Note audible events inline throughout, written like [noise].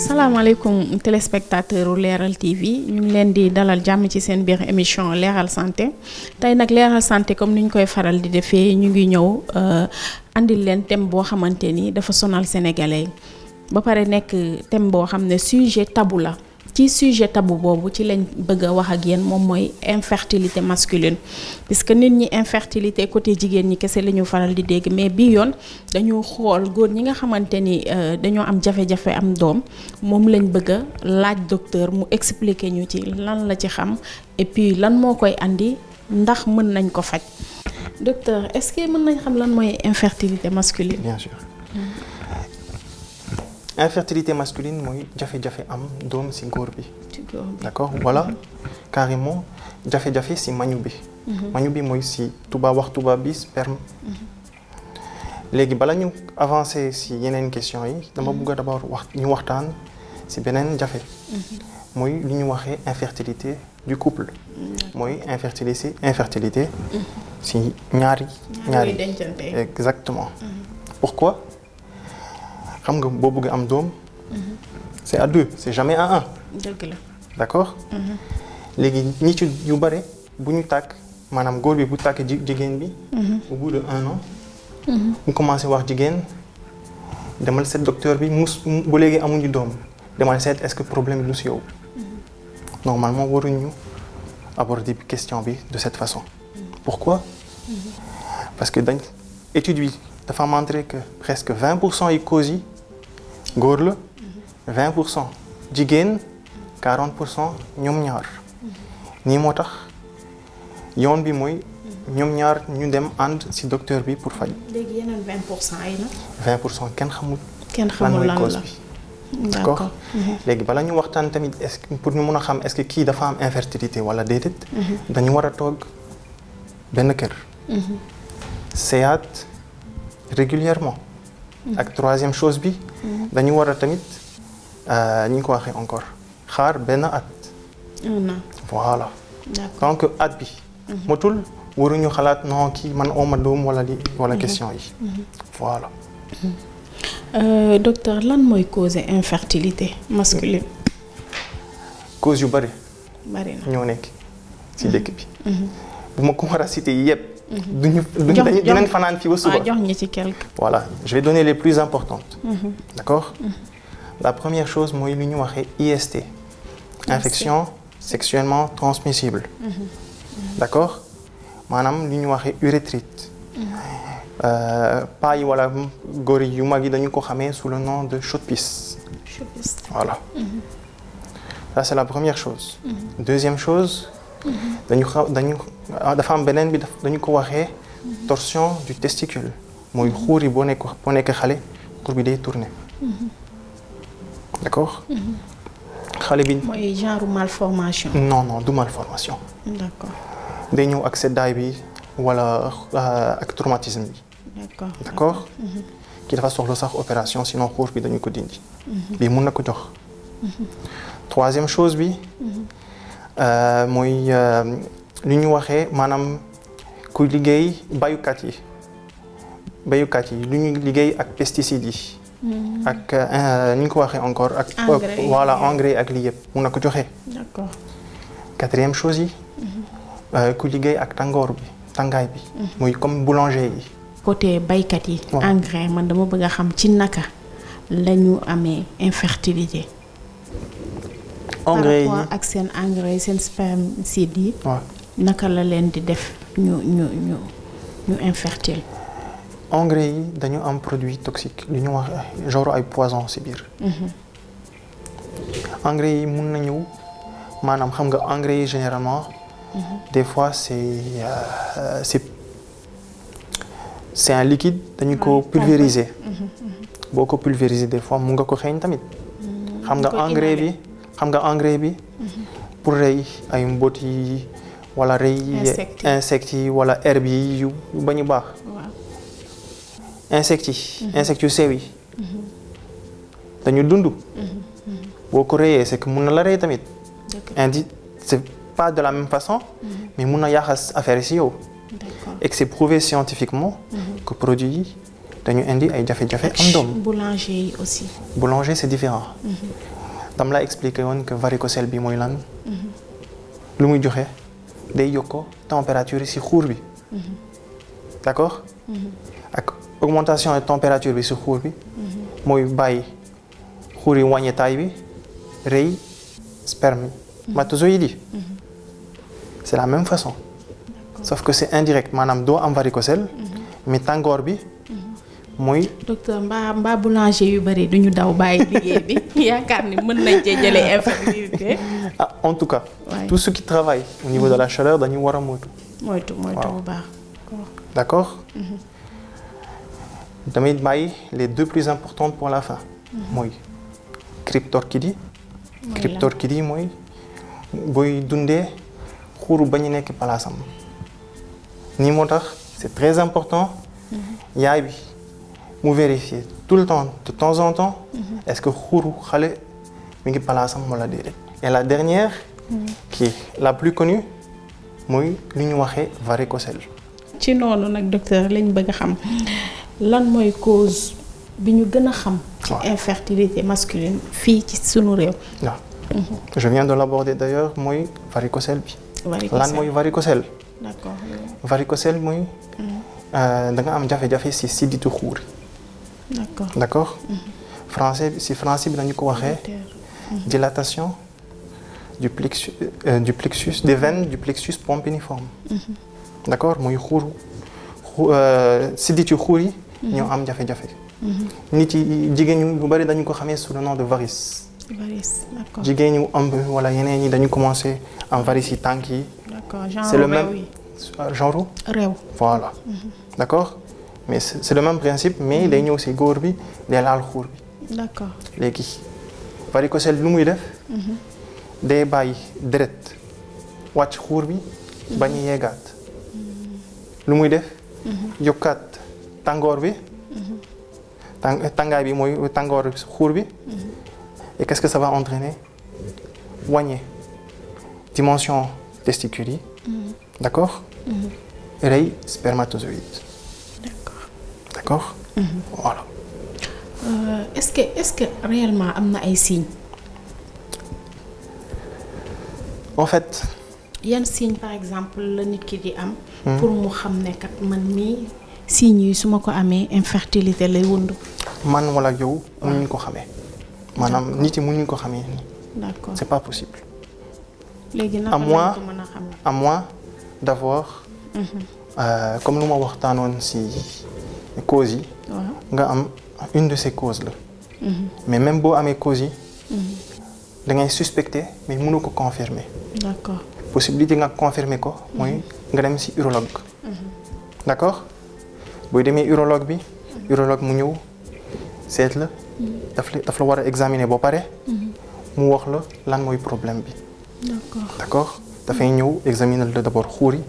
salaamaaleykum téléspectateur u Leral TV ñu ngi leen di dalal jàmm ci seen biir émission leeral santé tey nag leeral santé comme ni koy faral di defee ñu ngi ñëw indil euh, leen thème boo xamante ni dafa sonal sénégalais ba pare nekk thème boo xam ne sujet tabu la. ci sujet tabu boobu ci lañ bëgg a wax ak yéen moom mooy infertilité masculine puisque nit ñi infertilité côté jigéen ñi kese la ñu faral di dégg mais bi yoon dañu xool góor ñi nga xamante ni euh, dañoo am jafe-jafe am doom moom lañ bëgg a laaj docteur mu expliquer ñu ci lan la ci xam et puis lan moo koy indi ndax mën nañ ko faj docteur est-ce que mën nañ xam lan mooy infertilité masculine bien infertilité masculine mooy jafe-jafe am doom si góor bi. wala voilà carrément jafe-jafe si mañu bi. Mhm. mañu bi mooy si tubaab wax tubaab bi sperme. Mhm. léegi bala ñu avancer si yeneen question yi dama mhm. bëgg d'abord wax ñu waxtaan si beneen jafe. mooy li ñu waxee infertilité du couple. mooy infertilité infertilité. si ñaari ñaari exactement. pourquoi. xam nga boo bëgg am doom. c' est à deux c' est jamais à un. dëgg la d' accord. léegi ñi ci yu bare bu ñu takk maanaam góor bi bu tàkk jigéen bi. au bout de un an. mu commencé wax jigéen demal seet docteur bi mus ba léegi amuñu doom demal seet est ce que problème lu si yow. normalement waruñu aborder question bi de cette façon. pourquoi. parce que dañ étude bi. dafa montré que presque 20 pour cent yi causes yi góor la 20 pour cent jigéen 40 pour cent ñoom ñaar nii moo tax yoon bi mooy ñoom ñaar ñu dem ànd si docteur bi pour faj. léegi yeneen cent yi pour cent kenn xamul. kenn xamul lan la cause bi. d'accord mhm. léegi bala ñu waxtaan tamit est pour ñu mën a xam est-ce que kii dafa am infertilité wala déedéet. Mhm. dañu war a toog benn kër. Mhm. seyaat. régulièrement ak mm-hmm. troisième chose bi mm-hmm. dañu war a tamit ni euh, ñu ko waxee encore xaar benn at voilà donc at bi motul mm-hmm. waruñu xalaat non kii man oma doom wala li wala question yi voilà euh, docteur lan mooy causer infertilité masculine cause yu bari bari ñoo nekk ci dëkk bi bu ma ko war a cité yépp duñu duñu dinañ fanaan fii ah, ci quelque. voilà je vais donner les plus importantes. Mm-hmm. d'accord mm-hmm. la première chose mooy lu ñu waxee IST. infection sexuellement transmissible. Mm-hmm. d'accord maanaam lu ñu waxee urétrite. Euh, paa yi wala yu mag yi dañu ko xamee sous le nom de chaude-pisse. chaude-pisse voilà. c'est la première chose. deuxième chose. dañu Ah, dafa am beneen bi daf dañu ko waxee torsion du testicule mooy xuur yi boo nekk boo nekk xale xuur bi day tourné d'accord xale bi mooy genre malformation. non ñëw ak seddaay bi wala euh, ak traumatisme bi. d'accord d'accord mhm. ko dindi. bii mhm. mun na ko jox. Mhm. bi. Euh, mooy. Euh, lu ñu waxee maanaam ku liggéey bayukat yi bayukat yi lu ñu liggéey ak pesticides yi. Mm-hmm. ak euh, ni ñu ko waxee encore ak. Euh, voilà engrais ak lii yëpp mun na ko joxe. d'accord quatrième chose yi. Mm-hmm. Euh, ku liggéey ak tàngoor bi tàngaay bi. Mm-hmm. muy comme boulanger yi. côté baykat yi. engrais man dama bëgg a xam ci naka la ñu amee infertilité. engrais yi ak seen engrais seen spermicide yi. naka la leen di def ñu ñu ñu ñu infertile. engrais yi dañu am produit toxique lu ñu wax genre ay mhm. yi mun nañu maanaam xam nga engrais yi généralement. Mhm. des fois c' est c' un liquide dañu ko pulvériser. Mhm, boo ko pulvériser des mun nga ko xeeñ tamit. Mm, xam nga engrais bi xam nga engrais bi. rey ay mboot yi. wala rëy insectes yi wala herbes yi yu bañ a baax insectes yi mhm. yu sew yi mhm. dañu dund mhm. boo ko rëyee c'est que mun na la rëy tamit indi c'est pas de la même façon mais mun na yàqal affaire si yow et que c'est prouvé scientifiquement que produit dañu indi ay jafe-jafe am doom boulanger yi aussi boulanger c'est différent dam la expliqué woon que varicocèle bi mooy lan lu muy joxe day yokk température yi si xuur bi mhm. d' accord mhm. ak augmentation de température bi si xuur bi mhm. mooy bàyyi xuur yi wàññi taay bi rëy sperme matozoïde yi c' est la même façon sauf que c' indirect maanaam doo am varicocèle mais tàngoor bi mooy. docteur mbaa mbaa boulanger yu bëri duñu daw bàyyi liggéey bi [laughs] yaakaar ni mën nañ cee jëlee [laughs] infertilité ah en tout cas. Ouais. tous ceux qui travaillent au niveau de la mhm. chaleur dañu war a moytu. moytu moytu bu baax d' accord. Mhm. damay bàyyi les deux plus importantes pour la fin. Mhm. mooy cryptorchidie. mooy la cryptorchidie mooy boy dundee xuur ba ñu nekk palaasam. nii moo tax est très important. yaay bi mu vérifier tout le temps de temps en temps. est ce que xuuru xale mi ngi palaasam wala déedéet. et la dernière qui la plus connue mooy lu ñu waxee varicocèle ci noonu nag docteur lañ bëgg a xam lan mooy cause bi ñu gën a xam ci infertilité masculine fii ci sunu réew waaw je viens de l'aborder d'ailleurs mooy varicocèle bi lan mooy varicocèle d'accord varicocèle mooy euh, da nga am jafe-jafe si sidditu xuur d'accord d'accord français si français bi nañu ko waxee dilatation du plexus euh, du plexus des veines du plexus pompiniforme. Mhm. d' accord muy xuuru euh, sidditu xuur yi. Mhm. ñoo am jafe-jafe. Mhm. nit yi jigéen ñu bu bëri dañu ko xamee sous le de varice. varice d' accord jigéen ñu ëmb wala yeneen ñi dañu commencé am varice yi tànk yi. d' accord genre réew le même euh, genre. réew voilà. d' mais c' le même principe mais day ñëw si góor bi day laal xuur bi. d' accord léegi varicocèle lu muy def. day bàyyi deret wàcc xuur bi ba ñu yegaat lu muy def yokkaat tàngoor bi tàngaay bi mooy tàngoor xuur bi et qu'est-ce que ça va entraîner wàññi dimension testicule yi d'accord rey spermatozoïde d'accord mhm. voilà euh, est-ce que est-ce que réellement am na ay signes en fait. yan signe par exemple la nit ki di am. Hmm. pour mu xam ne kat man mii signes yi su ma ko amee infertilité lay wund. man wala yow nuñ ko xamee. maanaam nit yi mënuñ ko xamee. d'accord c'est pas possible. léegi naka lañ ko mën a xamee à moins d'avoir. Mhm. Euh, comme lu ma waxtaanoon si causes yi. nga am une de ces causes la. Mhm. mais même boo amee causes yi. Mhm. da ngay suspecter mais mënu ko confirmer. d'accord possibilité nga confirmer ko. mooy nga dem ci urologue. Mhm. d'accord booy demee urologue bi. Mhm. urologue mu ñëw seet la. Mhm. daf la daf la war a examiner ba pare. mu wax la lan mooy problème bi. d'accord d'accord dafay ñëw examiner la d'abord xuur yi.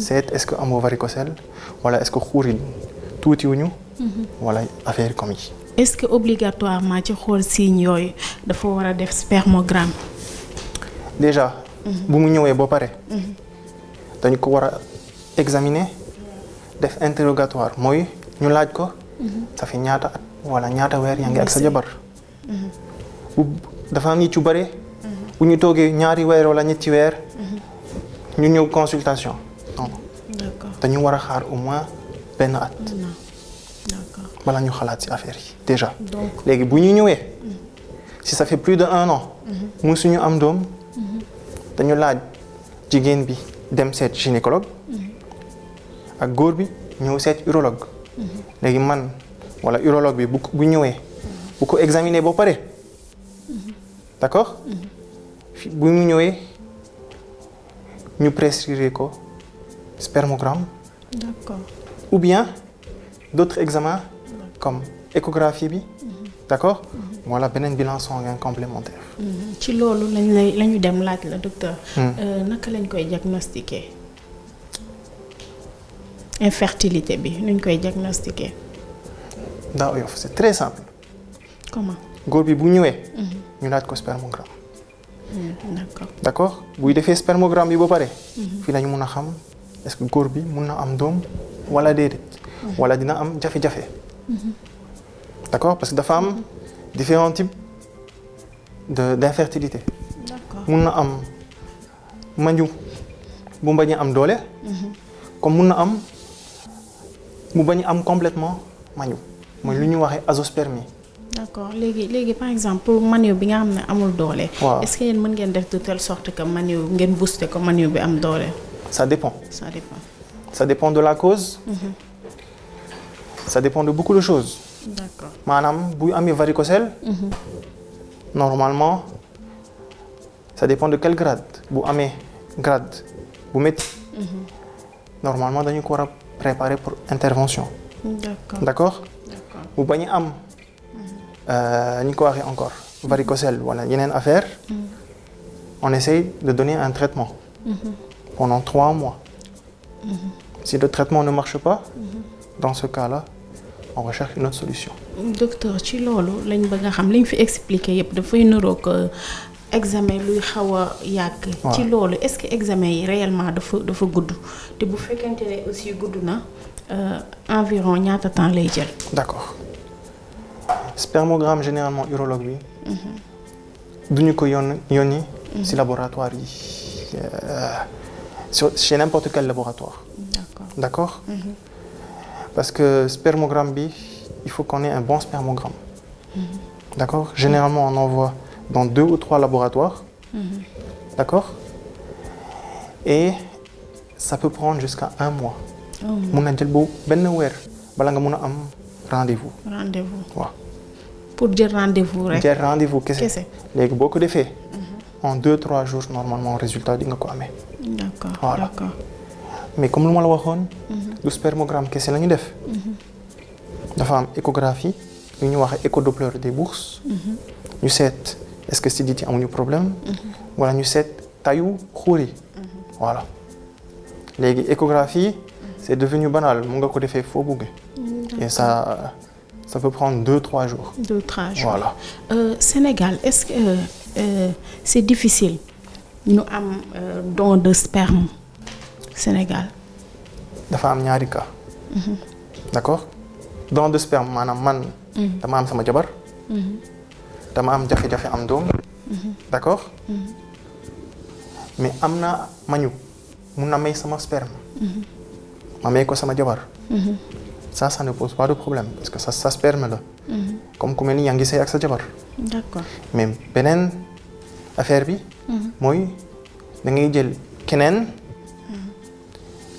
seet est-ce que amoo varicocèle wala est-ce que xuur yi tuutiwuñu. wala affaire comme yi. est-ce que obligatoirement ci xool signe yooyu dafa war a def spermogramme. déjà. bu mu ñëwee ba pare. dañ ko war a examiner def interrogatoire mooy ñu laaj ko. sa fait ñaata at wala ñaata weer yaa ngi ak sa jabar. bu dafa am nit yu bare. bu ñu toogee ñaari weer wala ñetti weer. ñu ñëw consultation donc. dañu war a xaar au moins benn at. bala ñu xalaat ci affaire yi. déjà. donc léegi bu ñu ñëwee. Mm-hmm. si ça fait plus de un an. Mm-hmm. musuñu am doom. Mm-hmm. dañu laaj jigéen bi dem seet gynécologue. ak góor bi ñëw seet urologue. léegi man wala urologue bi bu bu ñëwee. bu ko examiner ba pare. d'accord. bu mu ñëwee ñu prescrire ko spermogramme. ou bien d'autres examens comme. échographie bi d'accord voilà beneen bilan sanguin complémentaire. ci loolu lañ lay la ñu dem laaj la docteur. Hmm. Euh, naka lañ koy diagnostiquer infertilité bi nuñ koy diagnostiquer. daa oyof c'est très simple. góor bi bu ñëwee. Hmm. ñu laaj ko spermogramme. Hmm, d'accord d'accord buy defee spermogramme bi ba pare. fii la ñu mun a xam est-ce que góor bi mun na am doom wala déedéet. wala dina am jafe-jafe. d' accord parce que dafa am différents types de d' infertilité. mun na am manju mu bañ am doole. Mhm. comme mun na am mu bañ am complètement manju mooy lu ñuy mhm. waxee azoospermie. d' léegi léegi par exemple pour bi nga xam ne amul doole. waaw est ce mën ngeen def de telle sorte que manioc ngeen booster ko manioc bi am doole. ça dépend. ça dépend. ça dépend de la cause. Mm -hmm. ça dépend de beaucoup de choses. maanaam bu amee varicocèle. Mhm. normalement ça dépend de quel grade bu amee grade bu métti. Mhm. normalement dañu ko war pour intervention. d'accord d'accord bu bañ am. Mhm. Euh, ñu ko waxee encore varicocèle wala yeneen affaire on essaye de donner un traitement pendant trois mois si le traitement ne marche pas dans ce cas-là on recherche une autre solution. docteur ci loolu lañ bëgg a xam liñ fi expliqué yëpp dafay niroog euh, examen luy xaw a yàgg. ci loolu est-ce que examen yi réellement dafa dafa gudd te bu fekkente ne gudd na euh, environ ñaata temps lay jël. d'accord spermogramme généralement urologue bi. Mhm. du ñu ko yónni yónni. si mhm. laboratoire yi euh, sur chez n'importe quel laboratoire. d'accord. Mhm. parce que spermogramme bi il faut qu'on ait un bon spermogramme mm -hmm. d'accord généralement on envoie dans deux ou trois laboratoires mhm. d'accord et ça peut jusqu'à un mois mun na jël boobu benn weer bala nga mun a am rendez-vous rendez-vous waaw pour jël rendez-vous rek jël rendez-vous kese léegi boo ko defee mhm. en deux trois jours normalement résultat di nga ko amee d'accord mais comme lu ma la waxoon. Mhm. du spermogramme kese la ñu def. Mhm. dafa am échographie yu ñu wax échodoppler des bourses. Mhm. ñu seet est-ce que sidit yi amuñu problème. wala ñu seet tayu xóor yi. voilà léegi échographie c'est devenu banal mu nga ko defee foo bëggee. et ça ça peut prendre deux trois jours. deux trois jours euh, Sénégal est-ce que euh, euh, c'est difficile ñu am euh, don de sperme. Sénégal. dafa am ñaari cas. Mhm. d'accord don de sperme maanaam man. Mhm. dama am sama jabar. Mhm. dama am jafe-jafe am doom. d'accord mais am na mañu mun na may sama sperme. ma may ko sama jabar. ça ça ne pose pas de problème parce que sa ça sperme la. comme ku mel ni yaa ngi ak sa jabar. mais beneen affaire bi. mooy da jël keneen.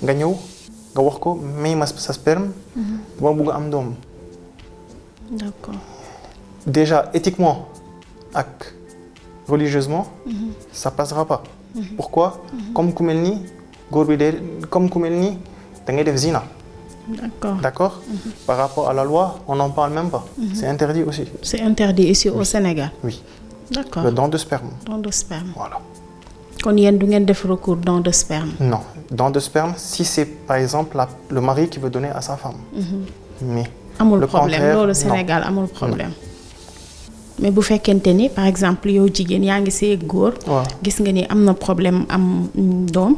nga ñëw nga wax ko may ma sa sperme. dama mhm. bëgg am doom. d'accord déjà éthiquement ak religieusement. Mhm. ça passera pas. Mhm. pourquoi comme ku mel nii góor bi day comme ku mel nii da ngay def zina. D'accord. D'accord mm -hmm. Par rapport à la loi, on n'en parle même pas. Mm -hmm. C'est interdit aussi. C'est interdit ici oui. au Sénégal Oui. D'accord. Le don de sperme. Don de sperme. Voilà. kon yéen du ngeen def recours don de sperme. non don de sperme si c'est par exemple la, le mari qui veut donner à sa femme. Mm -hmm. mais amul problème loolu Sénégal amul mm-hmm. problème. mais bu fekkente ni par exemple yow jigéen yaa ngi see góor. gis nga ni am na problème am doom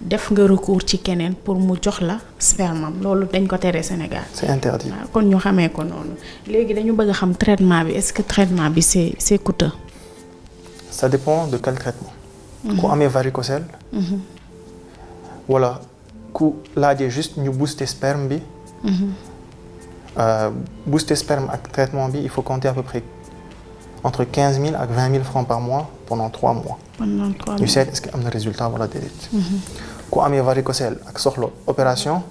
def nga recours ci keneen pour mu jox la sperme am loolu dañ ko tere Sénégal. c'est interdit waaw ah, kon ñu xamee ko noonu léegi dañu bëgg a xam traitement bi est-ce que traitement bi c'est c'est coûteux. ça dépend de quel traitement. ku mhm. amee varicocèle. Mhm. wala ku laajee juste ñu booster bi. Mhm. Euh, booster ak traitement bi il faut compter à peu près entre quinze mille ak vingt mille francs par mois pendant trois mois. pendant est-ce que am na résultat wala ak soxla opération.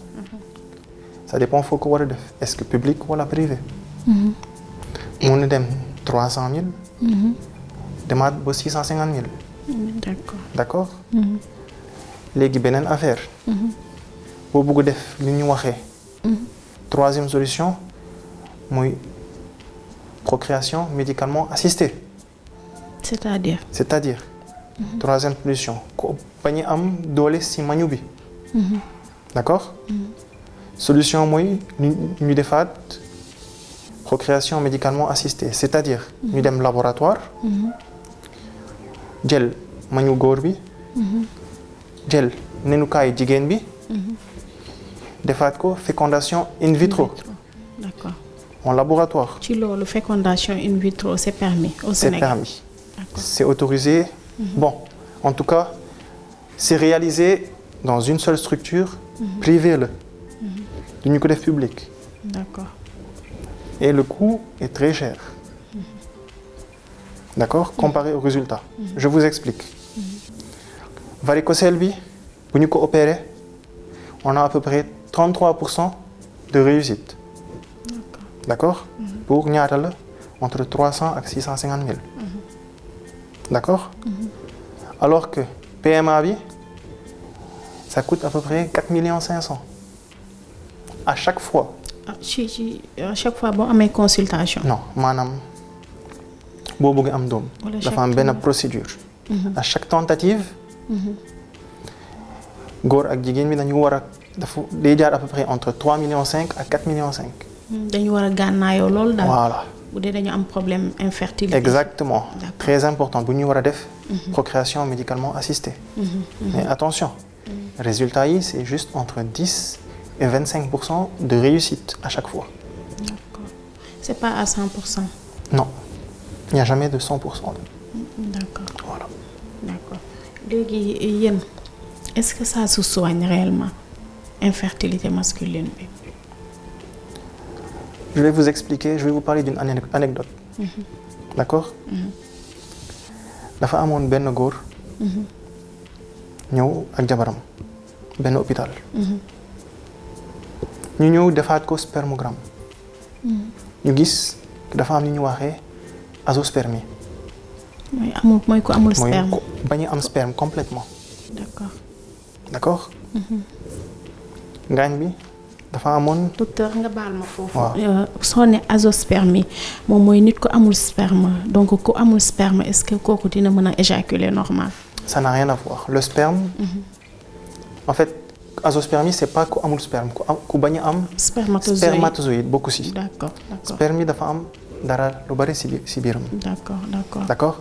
ça dépend foo ko war a def est-ce que public wala privé. mun dem trois cent mille. demaat ba six cent cinquante mille. d'accord d'accord mhm. léegi beneen affaire mhm. boo bëgg def ni ñu waxee mhm. troisième solution mooy procréation médicalement assistée c'est-à-dire c'est-à-dire troisième solution ko am doole si mañu bi d'accord solution mooy ñu defaat procréation médicalement assistée c'est-à-dire ñu dem laboratoire jël mañu góor bi mhm. jël nenukaayu jigéen bi mhm. defaat ko fécondation in vitro d'accord en laboratoire ci loolu fécondation in vitro c'est permis au Sénégal c'est permis c'est autorisé mhm. bon en tout cas c'est réalisé dans une seule structure privée la duñu ko def public d'accord et le coût est très cher d'accord comparé au résultat. Mhm. je vous explique. Mhm. varicocèle bi bu ñu ko opéré on a à peu près pour cent de réussite. d'accord mhm. pour ñaata la entre 300 ak cent 000. d'accord alors que PMA bi ça coûte à peu près 4 à chaque fois. ah ci à chaque fois boo amee consultation. non maanaam. boo bëggee am doom. dafa am benn procédure. Mhm. à chaque tentative. Mhm. góor ak jigéen bi dañu war a dafa day jaar à peu près entre trois millions cinq à mhm. dañu war a gànnaayoo loolu daal. voilà bu dee dañu am problème infertilité. exactement très important bu ñu war a def. procréation médicalement assistée. mais attention. résultat yi c'est juste entre dix et de réussite à chaque fois. c'est pas à cent pour cent. il n'y jamais de pour cent. d'accord voilà. léegi yéen est-ce que ça soigne réellement infertilité masculine bi. je vais vous expliquer je vais vous parler d'une anecdote mhm. Mhm. dafa amoon benn góor. Mhm. ñëw ak jabaram benn hôpital. ñu ñëw defaat ko spermogramme. ñu gis dafa am ñu ñu waxee. azospermie. mooy amul mooy ba ñu am sperme complètement. d'accord d'accord. Mhm. amoon. docteur nga baal euh, moom mooy nit ko amul sperme donc ku amul sperme est-ce que kooku dina mën a éjaculer normal. ça n'a rien à voir le sperme. Mhm. en ku bañ am. spermatozoïde spermatozoïde bokku si. d'accord d'accord dafa am. dara lu bari si si biiram. d'accord d'accord d'accord.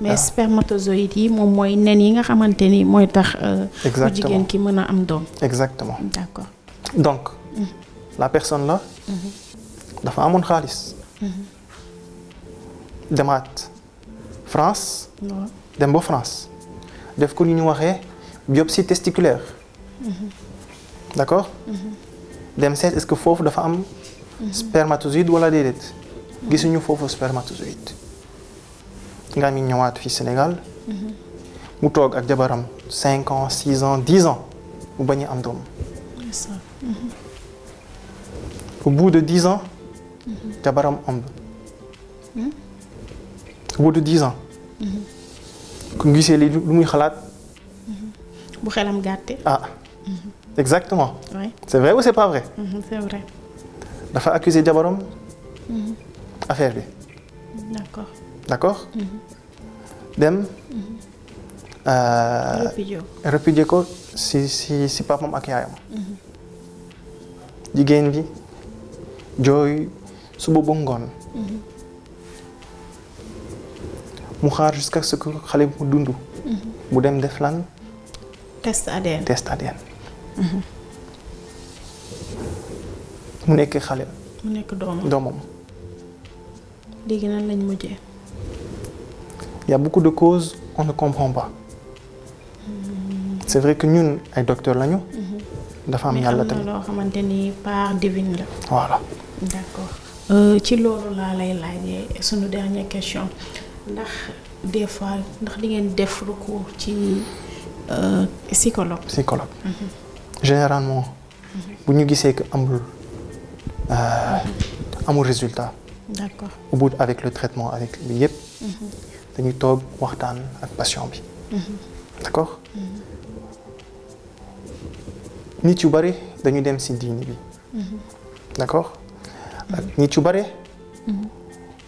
mais ah. spermatozoïdes yi moom mooy nen yi nga xamante ni mooy tax. Euh, exactement ku jigéen ki mën a am doom. exactement d'accord. donc. Mhm. la personne la mhm. dafa amoon xaalis. Mhm. demaat France. dem ba France. def ko ni ñu waxee biopsie testiculaire. dem seet est-ce que foofu dafa am. spermatozoïde wala déedéet. gisuñu foofu spermatozoïde nga mi ñëwaat fii Sénégal mhm. mu toog ak jabaram cinq ans six ans dix ans mu bañ am doom mhm. au bout de dix ans mhm. jabaram ëmb hmm? au bout de dix ans ku gisee li lu muy xalaat bu xelam gàtte ah exactement c'est vrai ou c'est pas vrai dafa accuser jabaram affaire bi. d'accord d'accord. Mm-hmm. dem. Mm-hmm. Euh, répudier ko si si si papam ak yaayam. Mm-hmm. jigéen bi jooy suba ba ngoon. mu xaar jusqu'à ce que xale bi mu dund. dem def lan. test ADN mu nekk xale. mu nekk doomam. léegi nan lañ mujjee. y a beaucoup de causes on ne comprend pas. c'est vrai que ñun ay docteur lañu. Mhm. dafa am yàlla tamit loo xamante ni part divine la. voilà d'accord euh, ci loolu laa lay laajee sunu dernière question ndax des fois ndax li ngeen def recours ci euh, psychologue. psychologue mhm. généralement. Mhm. bu ñu gisee que amul euh, amul résultat. d'accord au bout avec le traitement avec li yëpp. Mhm. dañuy toog waxtaan ak patient bi. Mhm. d'accord mhm. nit yu bare dañuy dem ci diini bi. d'accord ak nit yu bare.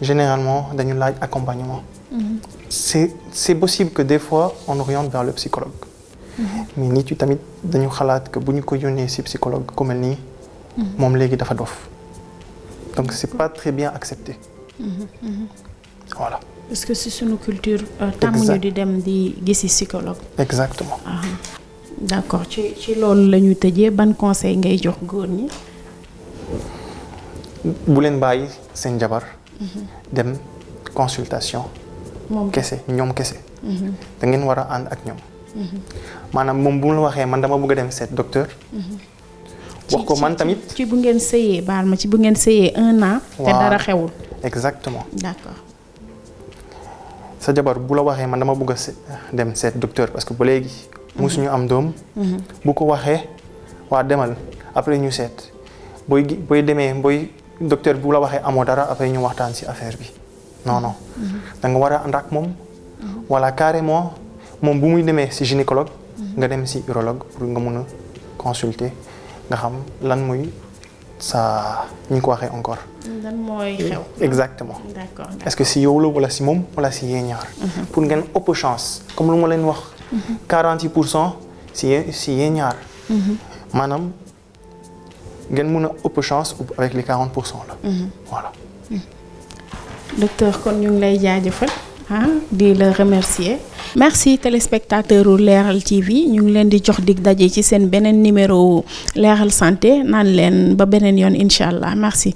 généralement dañu laaj accompagnement. c'est c'est possible que des fois on oriente vers le psychologue. mais nit yu tamit dañu xalaat que bu ñu ko yónnee ci psychologue ku mel nii. moom léegi dafa dof. donc c'est pas très bien accepté. Mm-hmm. voilà. si suñu culture. tàmmuñu di dem di gisi psychologue. exactement. Ah, d' accord ci ci loolu lañu ñu tëjee ban conseil ngay jox góor ñi. bu leen bàyyi seen jabar. Mm-hmm. dem consultation. moom kese ñoom kese. Mm-hmm. da ngeen war ak ñoom. maanaam bu mu la waxee man dama bëgg a dem seet docteur. wax ko man tamit. ci bu ngeen sëyee baal ma ci bu ngeen sëyee un an. te dara xewul. exactement d'accord. sa jabar bu la waxee man dama bëgg a dem seet docteur parce que ba léegi. musuñu am doom. Mhm. bu ko waxee waa demal après ñu seet booy booy demee booy docteur bu la waxee amoo dara après ñu waxtaan ci affaire bi non non. Mhm. da war a ànd moom. walla mhm. carrément moom bu muy demee ci gynécologue. nga dem ci urologue pour nga mun a consulter. nga xam lan muy sa ñi ngi ko waxee encore. lan mooy xew. exactement est-ce que si yow la wala si moom wala si yee ñaar. Mhm. pour ngeen ëpp chance comme lu ma leen wax. Mhm. quarante yi pour cent si yee si yee ñaar. Mhm. maanaam ngeen mën a ëpp chance avec les 40 pour cent la. voilà. docteur kon ñu ngi lay jaajëfal. ah di la remercier. merci téléspectateur leeral Leral TV ñu ngi leen di jox dig daje ci seen beneen numéro Leral santé naan leen ba beneen yoon incha allah merci.